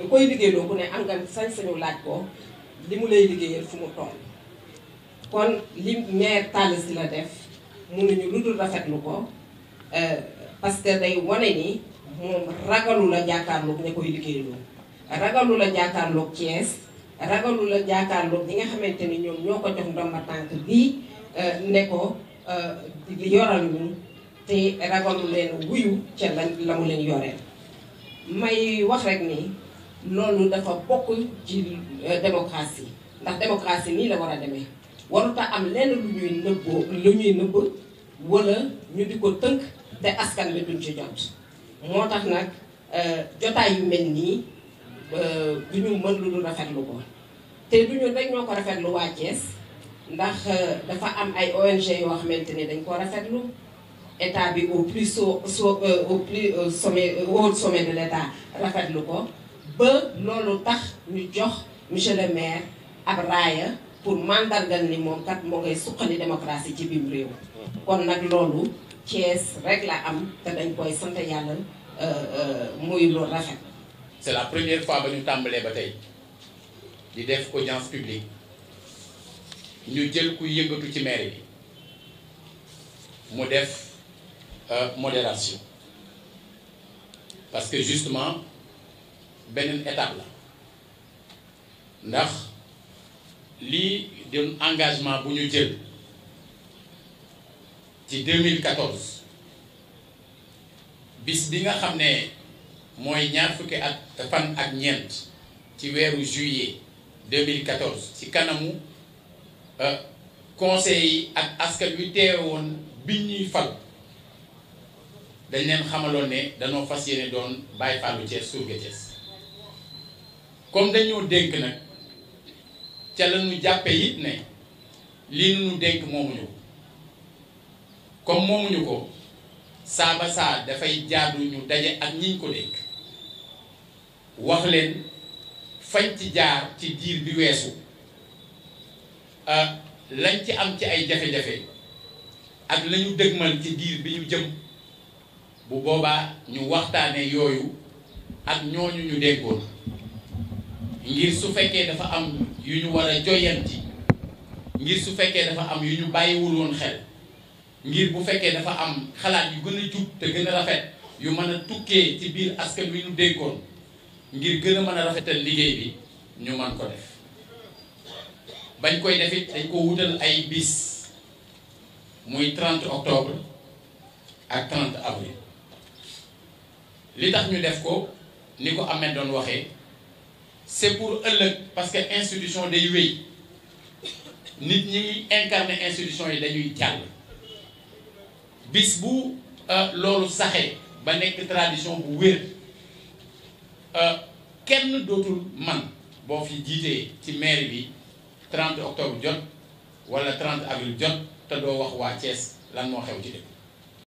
nga koy liggéey doo ku ne am nga sañ-sañu laaj ko li mu lay liggéeyal fu mu toll kon li maire Talla Sylla la def mënuñu lu dul rafetlu ko euh, parce que day wane ni moom ragalu la jàkkaarloog ña koy liggéeyloo ragalu la jàkkaarloog Thiès ragalu la jàkkaarloog ñi nga xamante ni ñoom ñoo ko jox ndomba bi bii euh, ne ko li euh, yoral ñu te ragalu leen wuyu ca la la mu leen yoreel may wax rek ni loolu dafa bokk ci euh, démocratie ndax démocratie nii la war a demee warut am lenn lu ñuy nëbboo lu ñuy nëbb wala ñu di ko tënk te askan bi duñ ci jot. moo tax nag euh, jotaay yu mel nii euh, du ñu mën lu rafetlu ko te lu ñu rek ñoo ko rafetlu waa Thiès ndax dafa am ay ONG yoo xamante ni dañ ko rafetlu. état bi au plus au au plus sommet au sommet de l' état rafetlu ko. ba loolu tax ñu jox monsieur le maire ab raaya pour mandargal ni moom kat moo ngay suqali démocratie ci biir réew. kon nag loolu Thiès rek la am te dañ koy sant yàlla euh, euh, muy lu rafet. c'est la première fois ba ñu tàmbalee ba tey di def audience publique ñu jël ku yëngatu ci maire bi mu def euh, modération parce que justement. beneen étape la ndax lii doon engagement bu ñu jël ci 2014 bis bi nga xam ne mooy ñaar fukki at fan ak ñeent ci weeru juillet 2014 ci kanamu euh, conseil yi ak askan wi teewoon bi ñuy fal dañ leen xamaloon ne danoo fas yéene doon bàyyi fàllu Thiès surga comme dañoo dénk nag ca lañu ñu jàppe it ne lii nu dénk moomuñu ko comme moomuñu ko saa saa dafay jaadu ñu daje ak ñiñ ko dénk wax leen fañ ci jaar ci diir bi weesu euh, lañ ci am ci ay jafe-jafe ak lañu dëgmal ci diir bi ñu jëm bu boobaa ñu waxtaane yooyu ak ñooñu ñu dénkoon ngir su fekkee dafa am yu ñu war a yi ngir su fekkee dafa am yu ñu bàyyiwul woon xel ngir bu fekkee dafa am xalaat yu gën a jub te gën a rafet yu mën a tukkee ci biir askan wi ñu déggoon ngir gën a mën a rafetal liggéey bi ñu mën ko def bañ koy defit dañ ko wutal ay bis muy 30 octobre ak 30 avril li tax ñu def ko ni ko amee doon waxee c'est pour ëllëg parce que institution day wéy nit ñi incarne institution yi dañuy jàll bis bu euh, loolu saxee ba nekk tradition bu wér euh, kenn dootul man boo fi jiitee ci maire bi 30 octobre jot wala trent avril jot te doo wax waa Thiès lan moo xew ci dëkk